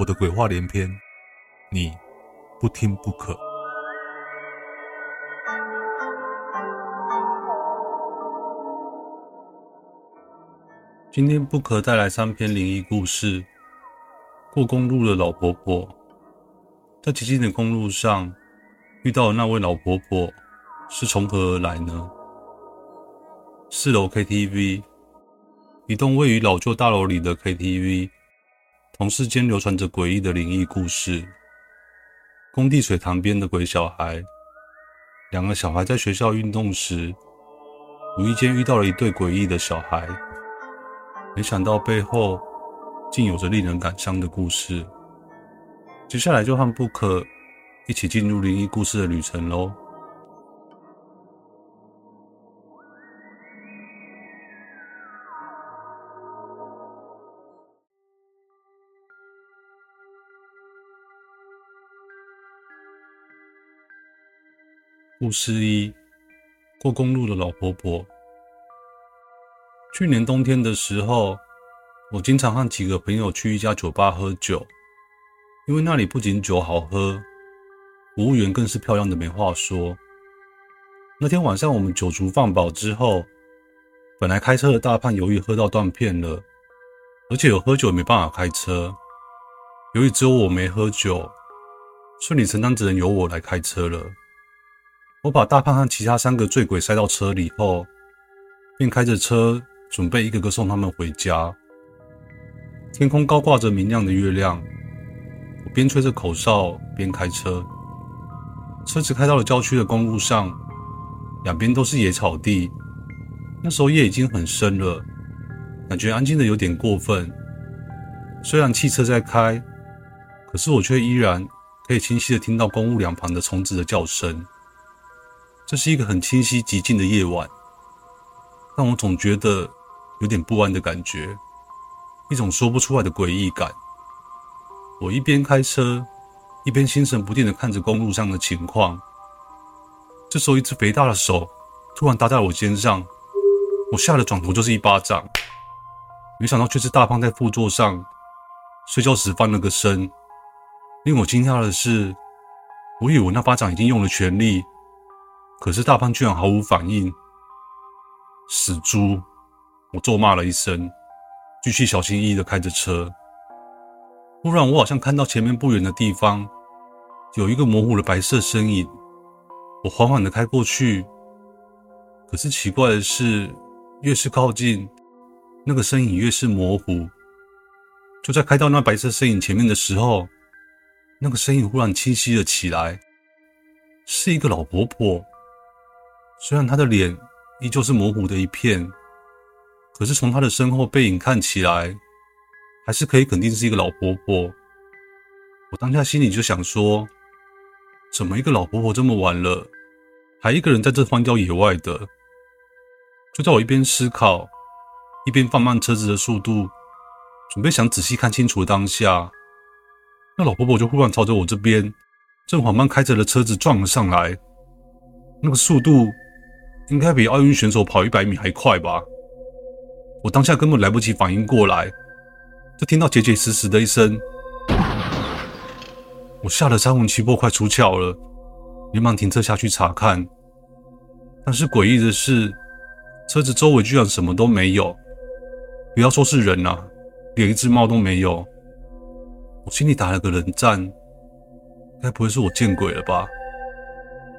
我的鬼話連篇，你不聽不可。今天 Book 帶來三篇靈異故事：過公路的老婆婆，在寂靜的公路上遇到的那位老婆婆，是從何而來呢？四樓 KTV，一棟位於老舊大樓裡的 KTV。同事間流傳着詭異的靈異故事，工地水潭邊的鬼小孩，兩個小孩在學校運動時，無意間遇到了一對詭異的小孩，沒想到背後竟有着令人感傷的故事。接下來就和布克一起進入靈異故事的旅程嘍。故事一：過公路的老婆婆。去年冬天的時候，我經常和幾個朋友去一家酒吧喝酒，因為那裡不僅酒好喝，服務員更是漂亮的沒話說。那天晚上，我們酒足飯飽之後，本來開車的大胖由於喝到斷片了，而且有喝酒沒辦法開車，由於只有我沒喝酒，順理成章只能由我來開車了。我把大胖和其他三個醉鬼塞到車裡後，便開着車準備一個個送他們回家。天空高掛着明亮的月亮，我邊吹着口哨邊開車。車子開到了郊區的公路上，兩邊都是野草地。那時候夜已經很深了，感覺安靜得有點過分。雖然汽車在開，可是我卻依然可以清晰地聽到公路兩旁的蟲子的叫聲。這是一個很清晰寂靜的夜晚，但我總覺得有點不安的感覺，一種說不出來的詭異感。我一邊開車，一邊心神不定地看着公路上的情況。這時候，一只肥大的手突然搭在我肩上，我嚇得轉頭就是一巴掌，沒想到卻是大胖在副座上睡覺時翻了個身。令我驚訝的是，我以為那巴掌已經用了全力。可是大胖居然毫無反應，死豬！我咒罵了一聲，繼續小心翼翼的開着車。忽然，我好像看到前面不遠的地方有一個模糊的白色身影。我緩緩的開過去，可是奇怪的是，越是靠近，那個身影越是模糊。就在開到那白色身影前面的時候，那個身影忽然清晰了起來，是一個老婆婆。雖然她的臉依舊是模糊的一片，可是從她的身後背影看起來，還是可以肯定是一個老婆婆。我當下心裡就想說，怎麼一個老婆婆這麼晚了，還一個人在這荒郊野外的？就在我一邊思考，一邊放慢車子的速度，準備想仔細看清楚當下，那老婆婆就忽然朝着我這邊，正緩慢開着的車子撞了上來，那個速度。應該比奧運選手跑一百米還快吧？我當下根本來不及反應過來，就聽到結結實實的一聲，我嚇得三魂七魄快出竅了，連忙停車下去查看。但是詭異的是，車子周圍居然什麼都沒有，不要說是人啊，連一隻貓都沒有。我心裡打了個冷戰，應該不會是我見鬼了吧？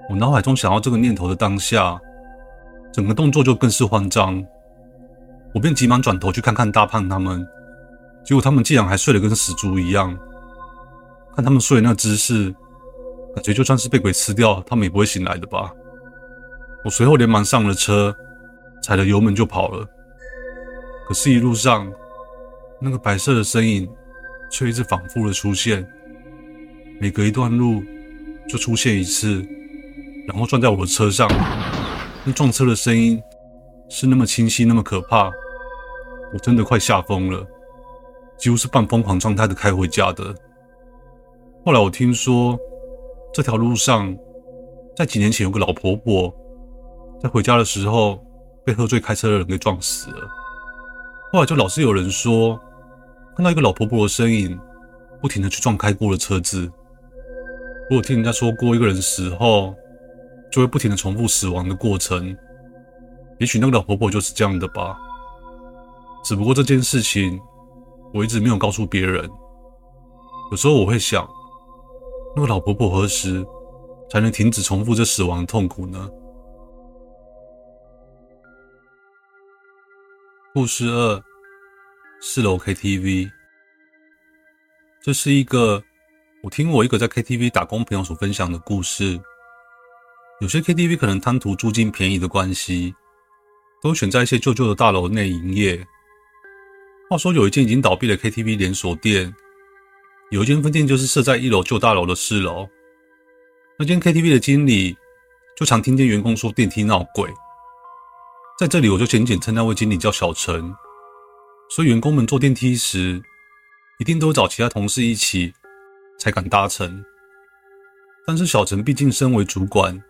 我腦海中想要這個念頭的當下。整個動作就更是慌張，我便急忙轉頭去看看大胖他們，結果他們竟然還睡得跟死豬一樣。看他們睡的那個姿勢，感覺就算是被鬼吃掉，他們也不會醒來的吧？我隨後連忙上了車，踩了油門就跑了。可是，一路上那個白色的身影卻一直反復的出現，每隔一段路就出現一次，然後撞在我的車上。那撞車的聲音是那麼清晰，那麼可怕，我真的快嚇瘋了，幾乎是半瘋狂狀態的開回家的。後來我聽說，這條路上在幾年前有個老婆婆在回家的時候被喝醉開車的人給撞死了。後來就老是有人說看到一個老婆婆的身影，不停的去撞開過的車子。我聽人家說過一個人死後，就會不停地重複死亡的過程。也許那個老婆婆就是這樣的吧。只不過這件事情我一直沒有告訴別人。有時候我會想，那個老婆婆何時才能停止重複這死亡的痛苦呢？故事二，四樓 KTV。這是一個我聽我一個在 KTV 打工朋友所分享的故事。有些 KTV 可能貪圖租金便宜的關係，都選在一些舊舊的大樓內營業。話說有一間已經倒閉的 KTV 連鎖店，有一間分店就是設在一棟舊大樓的四樓。那間 KTV 的經理就常聽見員工說電梯鬧鬼。在這裡我就簡簡稱那位經理叫小陳，所以員工們坐電梯時一定都會找其他同事一起才敢搭乘。但是小陳畢竟身為主管。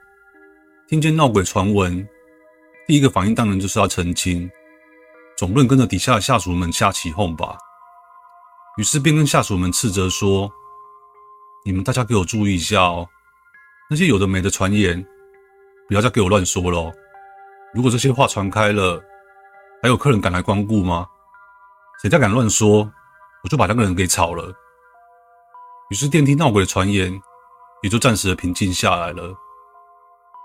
聽見鬧鬼傳聞，第一個反應當然就是要澄清。總不能跟着底下的下屬們瞎起哄吧？於是便跟下屬們斥責說：“你們大家給我注意一下哦、喔，那些有的沒的傳言，不要再給我亂說了、喔。如果這些話傳開了，還有客人敢來光顧嗎？誰再敢亂說，我就把那個人給炒了。”於是電梯鬧鬼的傳言也就暫時的平靜下來了。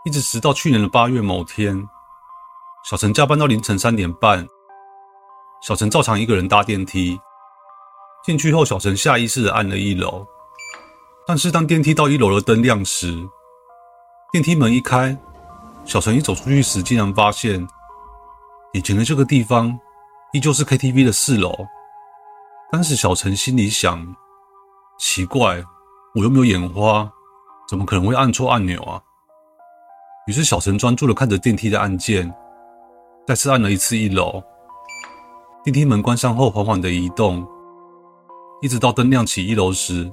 一直直到去年的八月某天，小陳加班到凌晨三點半。小陳照常一個人搭電梯，進去後，小陳下意識地按了一樓。但是當電梯到一樓的燈亮時，電梯門一開，小陳一走出去時，竟然發現以前的這個地方依舊是 KTV 的四樓。當時小陳心裡想：奇怪，我又沒有眼花，怎麼可能會按錯按鈕啊？於是，小陳專注的看着電梯的按鍵，再次按了一次一樓。電梯門關上後，緩緩的移動，一直到燈亮起一樓時，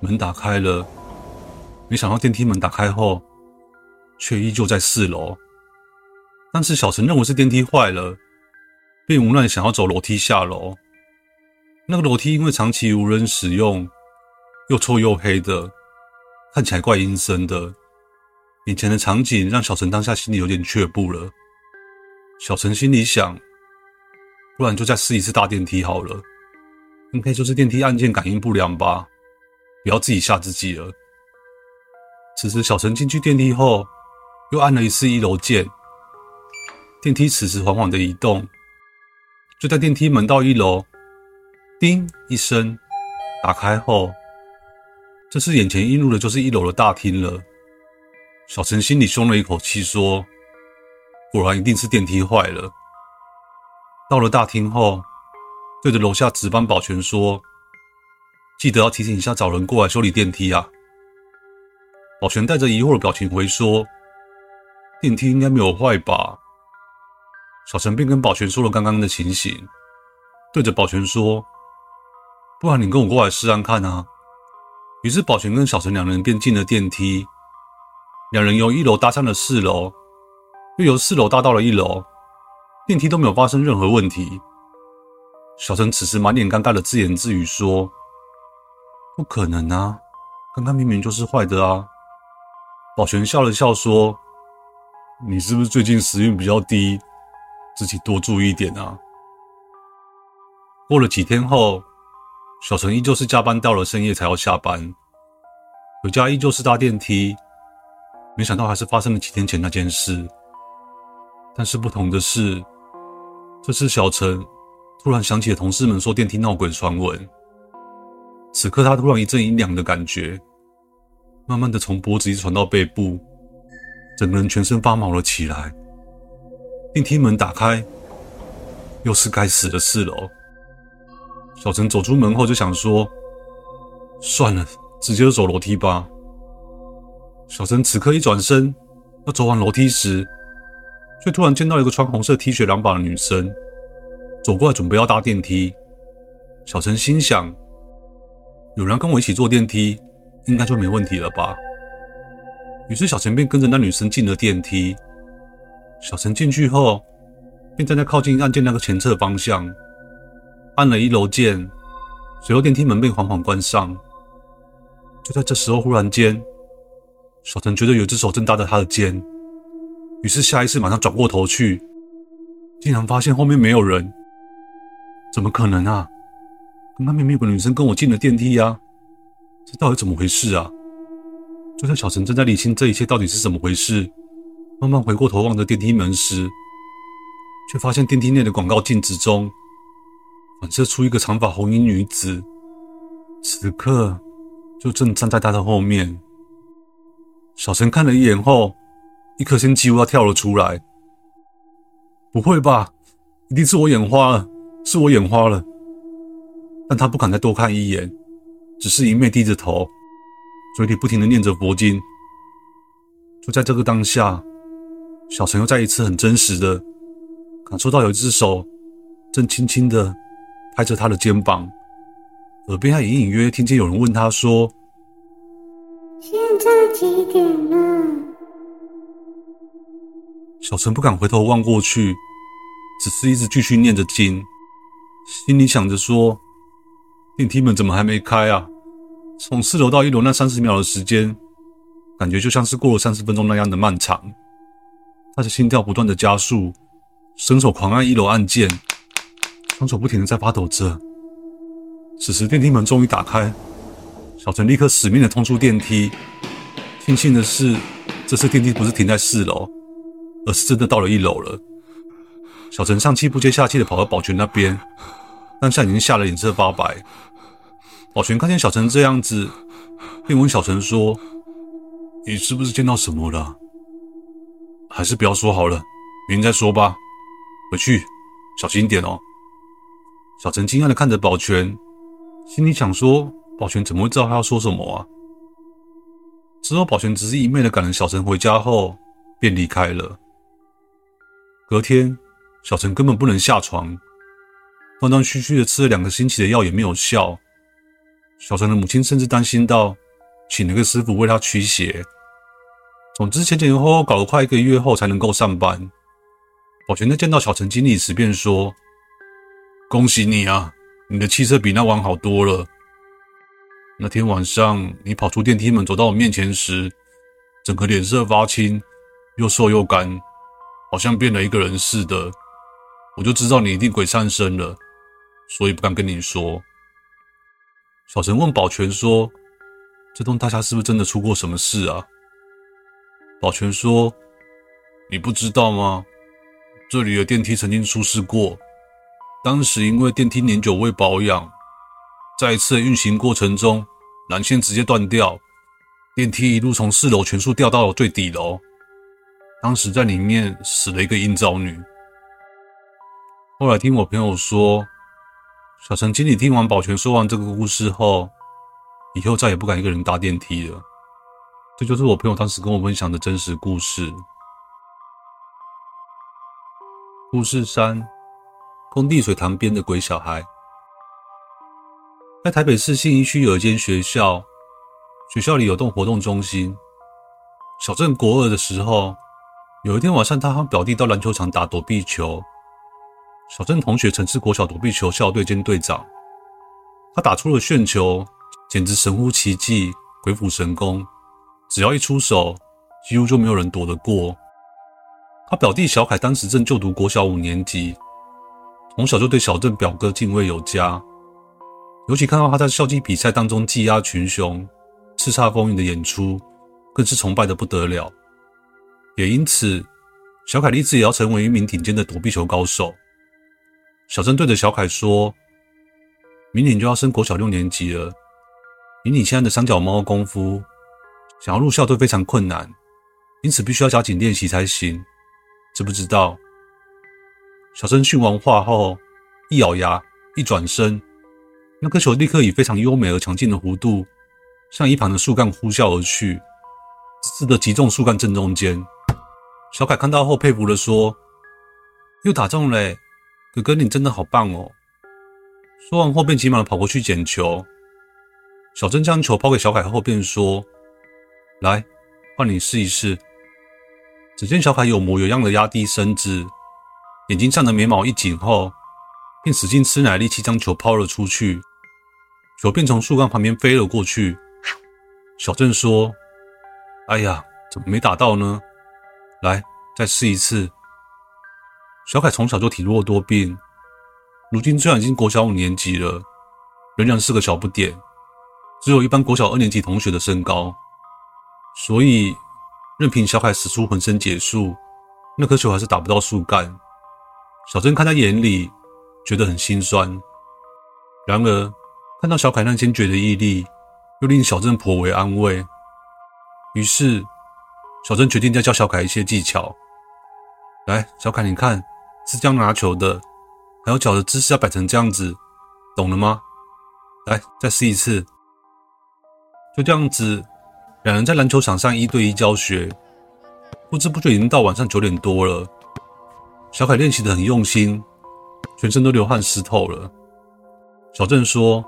門打開了。沒想到電梯門打開後，卻依舊在四樓。但是，小陳認為是電梯壞了，並無奈想要走樓梯下樓。那個樓梯因為長期無人使用，又臭又黑的，看起來怪陰森的。眼前的場景讓小陳當下心裡有點卻步了。小陳心裡想：“不然就再試一次大電梯好了，應該就是電梯按鍵感應不良吧。不要自己嚇自己了。”此時，小陳進去電梯後，又按了一次一樓鍵，電梯此時緩緩的移動，就在電梯門到一樓，“叮”一聲，打開後，這次眼前映入的就是一樓的大廳了。小陳心裡鬆了一口氣，說：“果然一定是電梯壞了。”到了大廳後，對着樓下值班保全說：“記得要提醒一下，找人過來修理電梯啊。”保全帶着疑惑的表情回說：“電梯應該沒有壞吧？”小陳便跟保全說了剛剛的情形，對着保全說：“不然你跟我過來試看看啊。”於是保全跟小陳兩人便進了電梯。兩人由一樓搭上了四樓，又由四樓搭到了一樓，電梯都沒有發生任何問題。小陳此時滿臉尷尬的自言自語說：“不可能啊，剛剛明明就是壞的啊！”保全笑了笑說：“你是不是最近時運比較低，自己多注意一點啊？”過了幾天後，小陳依舊是加班到了深夜才要下班，回家依舊是搭電梯。沒想到還是發生了幾天前那件事，但是不同的是，這次小陳突然想起了同事們說電梯鬧鬼傳聞。此刻他突然一陣陰涼的感覺，慢慢的從脖子一直傳到背部，整個人全身發毛了起來。電梯門打開，又是該死的四樓。小陳走出門後就想說，算了，直接就走樓梯吧。小陳此刻一轉身，要走往樓梯時，卻突然見到一個穿紅色 T 恤長髮的女生走過來，準備要搭電梯。小陳心想：“有人要跟我一起坐電梯，應該就沒問題了吧？”於是，小陳便跟着那女生進了電梯。小陳進去後，便站在靠近按鍵那個前側的方向，按了一樓鍵。隨後，電梯門被緩緩關上。就在這時候，忽然間。小陳覺得有隻手正搭在他的肩，於是下意識馬上轉過頭去，竟然發現後面沒有人。怎麼可能啊？剛剛明明有個女生跟我進了電梯呀，啊！這到底怎麼回事啊？就在小陳正在理清這一切到底是怎麼回事，慢慢回過頭望着電梯門時，卻發現電梯內的廣告鏡子中反射出一個長髮紅衣女子，此刻就正站在他的後面。小陳看了一眼後，一顆心幾乎要跳了出來。不會吧？一定是我眼花了，是我眼花了。但他不敢再多看一眼，只是一面低着頭，嘴裡不停的念着佛經。就在這個當下，小陳又再一次很真實的感受到有一隻手正輕輕的拍着他的肩膀，耳邊還隱隱約約聽見有人問他說。到幾點了？小陳不敢回頭望過去，只是一直繼續念着經，心裡想着說：“電梯門怎麼還沒開啊？從四樓到一樓那三十秒的時間，感覺就像是過了三十分鐘那樣的漫長。”他的心跳不斷的加速，伸手狂按一樓按鍵，雙手不停的在發抖着。此時電梯門終於打開。小陳立刻死命地衝出電梯，慶幸的是，這次電梯不是停在四樓，而是真的到了一樓了。小陳上氣不接下氣地跑到保全那邊，當下已經嚇得臉色發白。保全看見小陳這樣子，便問小陳說：“你是不是見到什麼了？還是不要說好了，明天再說吧。回去小心一點哦。”小陳驚訝地看着保全，心裡想說。保全怎麼會知道他要說什麼啊？之後，保全只是一昧的趕著小陳回家後便離開了。隔天，小陳根本不能下床，斷斷續續的吃了兩個星期的藥也沒有效。小陳的母親甚至擔心到，請了個師傅為他驅邪。總之，前前後後搞了快一個月後才能夠上班。保全在見到小陳經理時便說：“恭喜你啊，你的氣色比那晚好多了。”那天晚上，你跑出電梯門，走到我面前時，整個臉色發青，又瘦又乾，好像變了一個人似的。我就知道你一定鬼上身了，所以不敢跟你說。小陳問保全說：“這棟大廈是不是真的出過什麼事啊？”保全說：“你不知道嗎？這裡的電梯曾經出事過，當時因為電梯年久未保養。”在一次運行過程中，纜線直接斷掉，電梯一路從四樓全速掉到了最底樓。當時在裡面死了一個應召女。後來聽我朋友說，小陳經理聽完保全說完這個故事後，以後再也不敢一個人搭電梯了。這就是我朋友當時跟我分享的真實故事。故事三：工地水潭邊的鬼小孩。在台北市信義區有一間學校，學校裡有棟活動中心。小鄭國二的時候，有一天晚上，他和表弟到籃球場打躲避球。小鄭同學曾是國小躲避球校隊兼隊長，他打出了鏇球，簡直神乎其技、鬼斧神工，只要一出手，幾乎就沒有人躲得過。他表弟小凱當時正就讀國小五年級，從小就對小鄭表哥敬畏有加。尤其看到他在校際比賽當中技壓群雄、叱咤風雲的演出，更是崇拜得不得了。也因此，小凱立志也要成為一名頂尖的躲避球高手。小曾對着小凱說：“明年就要升國小六年級了，以你現在的三腳貓功夫，想要入校隊非常困難，因此必須要加緊練習才行，知不知道？”小曾訓完話後，一咬牙，一轉身。那顆、個、球立刻以非常優美而強勁的弧度，向一旁的樹幹呼嘯而去，直直的擊中樹幹正中間。小凱看到後佩服的說：“又打中嘞、欸，哥哥你真的好棒哦、喔！”說完後便急忙地跑過去撿球。小珍將球拋給小凱後便說：“來，換你試一試。”只見小凱有模有樣的壓低身子，眼睛上的眉毛一緊後，便使勁吃奶力氣將球拋了出去，球便從樹幹旁邊飛了過去。小鄭說：“哎呀，怎麼沒打到呢？來，再試一次。”小凱從小就體弱多病，如今雖然已經國小五年級了，仍然是個小不點，只有一般國小二年級同學的身高，所以任憑小凱使出渾身解數，那顆球還是打不到樹幹。小鄭看在眼裡，覺得很心酸，然而看到小凱那堅決的毅力，又令小鄭頗為安慰。於是，小鄭決定再教小凱一些技巧。來，小凱，你看，是這樣拿球的，還有腳的姿勢要擺成這樣子，懂了嗎？來，再試一次。就這樣子，兩人在籃球場上一對一教學，不知不覺已經到晚上九點多了。小凱練習得很用心。全身都流汗濕透了，小鄭說：“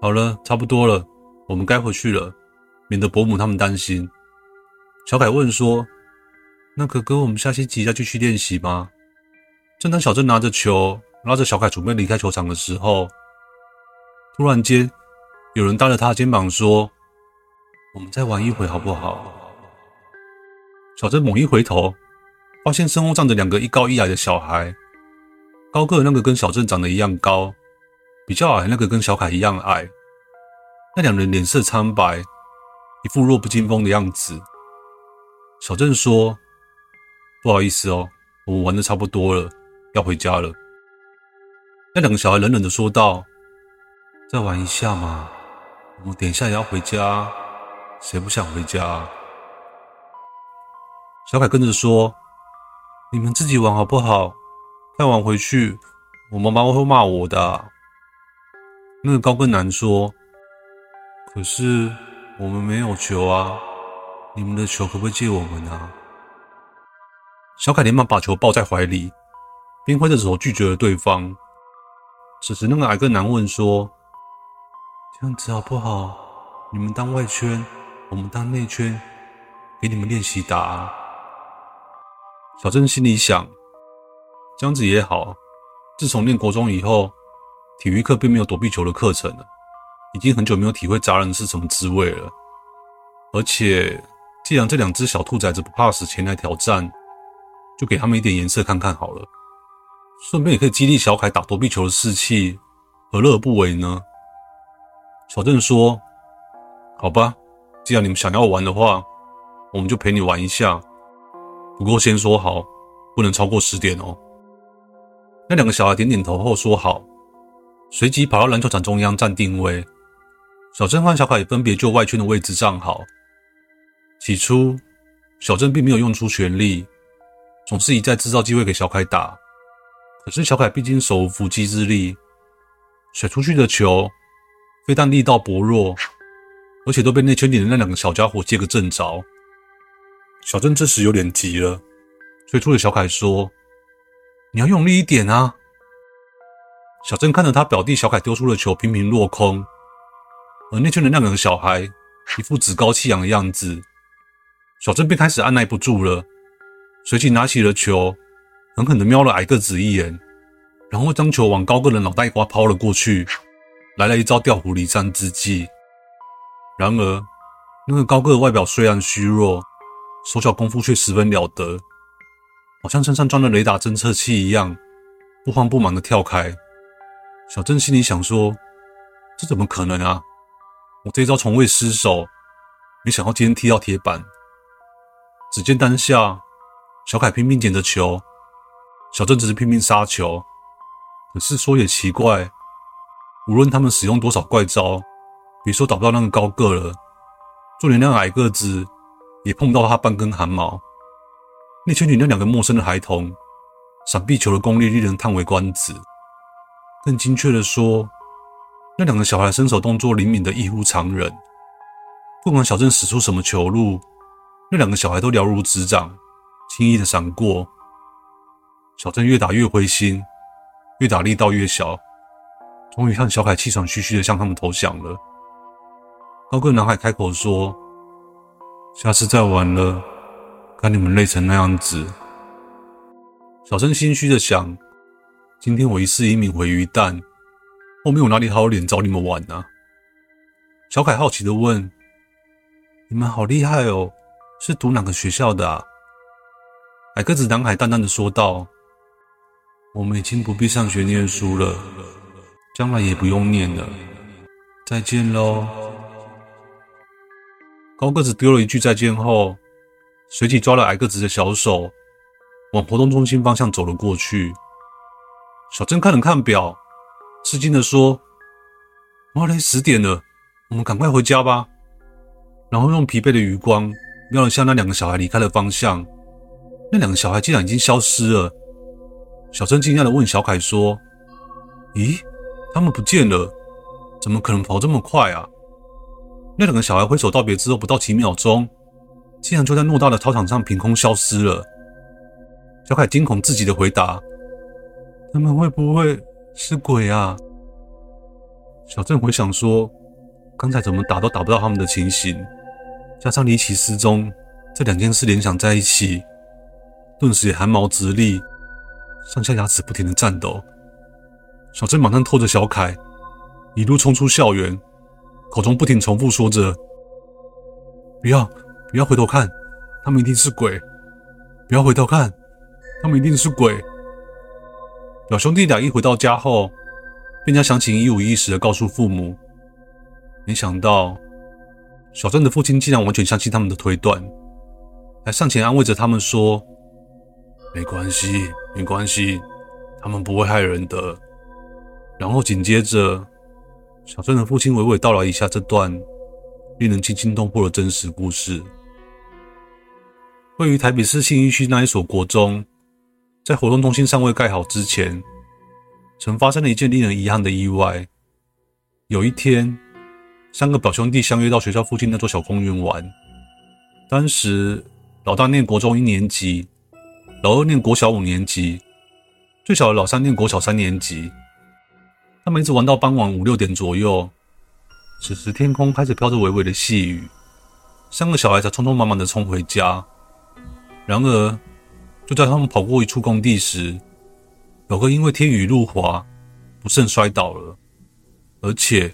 好了，差不多了，我們該回去了，免得伯母他們擔心。”小凱問說：“那哥哥，我們下星期再繼續練習嗎？”正當小鄭拿着球拉着小凱準備離開球場的時候，突然間，有人搭着他的肩膀說：“我們再玩一會好不好？”小鄭猛一回頭，發現身後站着兩個一高一矮的小孩。高個的那個跟小鄭長得一樣高，比較矮那個跟小凱一樣矮。那兩人臉色蒼白，一副弱不禁風的樣子。小鄭說：“不好意思哦，我們玩的差不多了，要回家了。”那兩個小孩冷冷的說道：“再玩一下嘛，我們等一下也要回家，誰不想回家啊？”小凱跟着說：“你們自己玩好不好？”再晚回去，我媽媽會罵我的啊。那個高個男說：“可是我們沒有球啊，你們的球可不可以借我們啊？”小凱連忙把球抱在懷裡，邊揮着手拒絕了對方。此時，那個矮個男問說：“這樣子好不好？你們當外圈，我們當內圈，給你們練習打啊。”小鄭心裡想。這樣子也好。自從念國中以後，體育課並沒有躲避球的課程了，已經很久沒有體會砸人是什麼滋味了。而且，既然這兩隻小兔崽子不怕死前來挑戰，就給他們一點顏色看看好了。順便也可以激勵小凱打躲避球的士氣，何樂而不為呢？小鄭說：“好吧，既然你們想要玩的話，我們就陪你玩一下。不過先說好，不能超過十點哦。”那兩個小孩點點頭後說：“好。”隨即跑到籃球場中央站定位。小鄭和小凱也分別就外圈的位置站好。起初，小鄭並沒有用出全力，總是一再製造機會給小凱打。可是小凱畢竟手無縛雞之力，甩出去的球非但力道薄弱，而且都被那圈裡的那兩個小家伙接個正着。小鄭這時有點急了，催促著小凱說。你要用力一點啊！小鄭看着他表弟小凱丟出的球頻頻落空，而內圈的那兩個小孩一副趾高氣揚的樣子，小鄭便開始按捺不住了，隨即拿起了球，狠狠的瞄了矮個子一眼，然後將球往高個的腦袋瓜拋了過去，來了一招調虎離山之計。然而，那個高個的外表雖然虛弱，手腳功夫卻十分了得。好像身上裝了雷達偵測器一樣，不慌不忙的跳開。小正心裡想說：“這怎麼可能啊？我這一招從未失手，沒想到今天踢到鐵板。”只見當下，小凱拼命撿着球，小正只是拼命殺球。可是說也奇怪，無論他們使用多少怪招，別說打不到那個高個了，就連那矮個子也碰不到他半根汗毛。那圈裡那兩個陌生的孩童，閃避球的功力令人嘆為觀止。更精確的說，那兩個小孩身手動作靈敏的異乎常人。不管小鄭使出什麼球路，那兩個小孩都了如指掌，輕易的閃過。小鄭越打越灰心，越打力道越小，終於向小凱氣喘吁吁的向他們投降了。高個男孩開口說：“下次再玩了。”看你們累成那樣子，小聲心虛的想：今天我一世英名毀於一旦，後面我哪裡好臉找你們玩呢，啊？小凱好奇的問：“你們好厲害哦，是讀哪個學校的啊？”矮個子男孩淡淡的說道：“我們已經不必上學念書了，將來也不用念了，再見嘍。”高個子丟了一句再見後，隨即抓了矮個子的小手，往活動中心方向走了過去。小珍看了看表，吃驚地說：“馬上十點了，我們趕快回家吧。”然後用疲憊的餘光瞄了下那兩個小孩離開的方向，那兩個小孩竟然已經消失了。小珍驚訝地問小凱說：“咦，他們不見了？怎麼可能跑這麼快啊？”那兩個小孩揮手道別之後，不到幾秒鐘。竟然就在偌大的操場上憑空消失了！小凱驚恐至極的回答：“他們會不會是鬼啊？”小鄭回想說：“剛才怎麼打都打不到他們的情形，加上離奇失蹤這兩件事聯想在一起，頓時也寒毛直立，上下牙齒不停地顫抖。”小鄭馬上拖着小凱一路衝出校園，口中不停重複說着：“不要！”不要回頭看，他們一定是鬼！不要回頭看，他們一定是鬼！表兄弟倆一回到家後，便將詳情一五一十地告訴父母。沒想到，小鎮的父親竟然完全相信他們的推斷，還上前安慰着他們說：“沒關係，沒關係，他們不會害人的。”然後緊接着，小鎮的父親娓娓道來一下這段令人驚心動魄的真實故事。位於台北市信義區那一所國中，在活動中心尚未蓋好之前，曾發生了一件令人遺憾的意外。有一天，三個表兄弟相約到學校附近那座小公園玩。當時，老大念國中一年級，老二念國小五年級，最小的老三念國小三年級。他們一直玩到傍晚五六點左右，此時天空開始飄着微微的細雨，三個小孩才匆匆忙忙地衝回家。然而，就在他們跑過一處工地時，表哥因為天雨路滑，不慎摔倒了，而且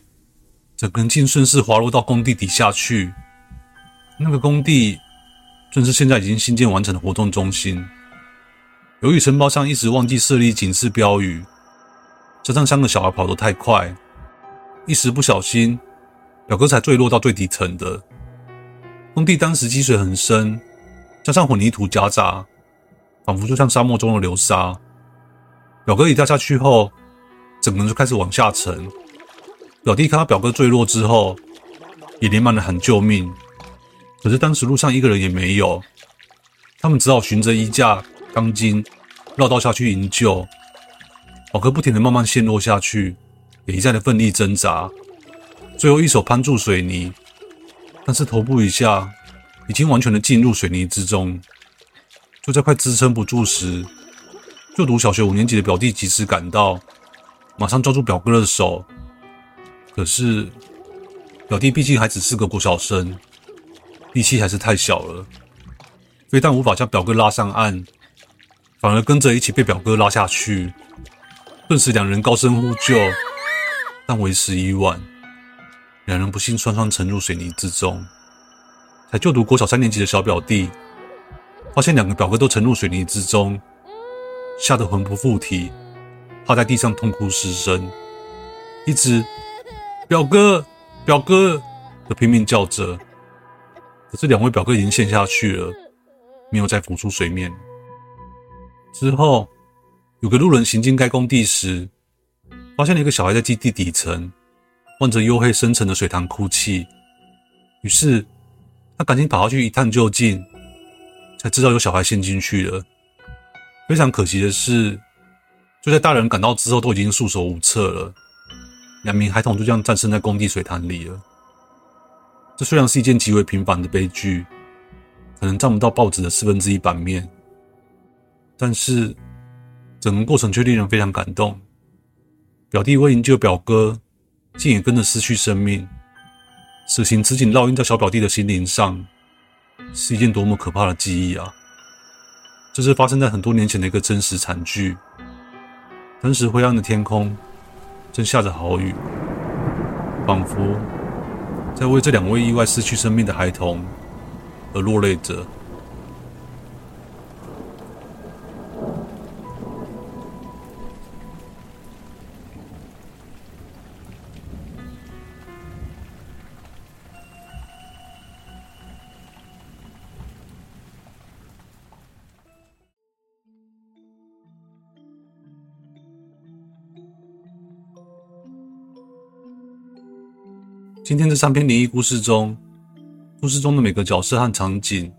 整個人順勢滑落到工地底下去。那個工地正是現在已經新建完成的活動中心。由於承包商一直忘記設立警示標語，加上三個小孩跑得太快，一時不小心，表哥才墜落到最底層的工地。當時積水很深。加上混凝土夾雜，仿佛就像沙漠中的流沙。表哥一掉下去後，整個人就開始往下沉。表弟看到表哥墜落之後，也連忙的喊救命。可是當時路上一個人也沒有，他們只好循着衣架、鋼筋繞道下去營救。表哥不停的慢慢陷落下去，也一再的奮力掙扎，最後一手攀住水泥，但是頭部以下。已經完全的進入水泥之中，就在快支撐不住時，就讀小學五年級的表弟及時趕到，馬上抓住表哥的手。可是，表弟畢竟還只是個國小生，力氣還是太小了，非但無法將表哥拉上岸，反而跟着一起被表哥拉下去。頓時，兩人高聲呼救，但為時已晚，兩人不幸雙雙沉入水泥之中。才就讀國小三年級的小表弟，發現兩個表哥都沉入水泥之中，嚇得魂不附體，趴在地上痛哭失聲，一直表哥表哥的拼命叫着。可是兩位表哥已經陷下去了，沒有再浮出水面。之後，有個路人行經該工地時，發現了一個小孩在基地底層，望着黝黑深沉的水塘哭泣，於是，他趕緊跑下去一探究竟，才知道有小孩陷進去了。非常可惜的是，就在大人趕到之後，都已經束手無策了。兩名孩童就這樣葬身在工地水潭裡了。這雖然是一件極為平凡的悲劇，可能占不到報紙的四分之一版面，但是整個過程卻令人非常感動。表弟為營救表哥，竟也跟着失去生命。此情此景烙印在小表弟的心靈上，是一件多麼可怕的記憶啊！這是發生在很多年前的一個真實慘劇。當時灰暗的天空正下着豪雨，仿佛在為這兩位意外失去生命的孩童而落淚着。今天這三篇靈異故事中，故事中的每個角色和場景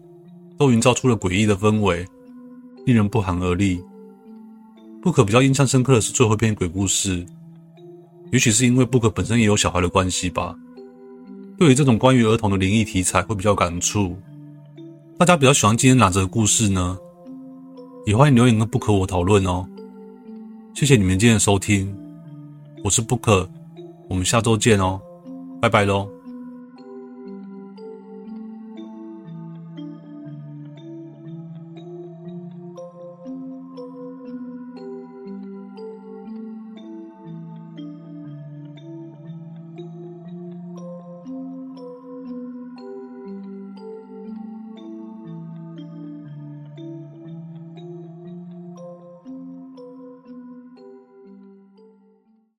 都營造出了詭異的氛圍，令人不寒而慄。布克比較印象深刻的是最後一篇鬼故事，也許是因為布克本身也有小孩的關係吧。對於這種關於兒童的靈異題材會比較感觸。大家比較喜歡今天哪則的故事呢？也歡迎留言跟布克我討論哦。謝謝你們今天的收聽，我是布克，我們下周見哦。拜拜嘍。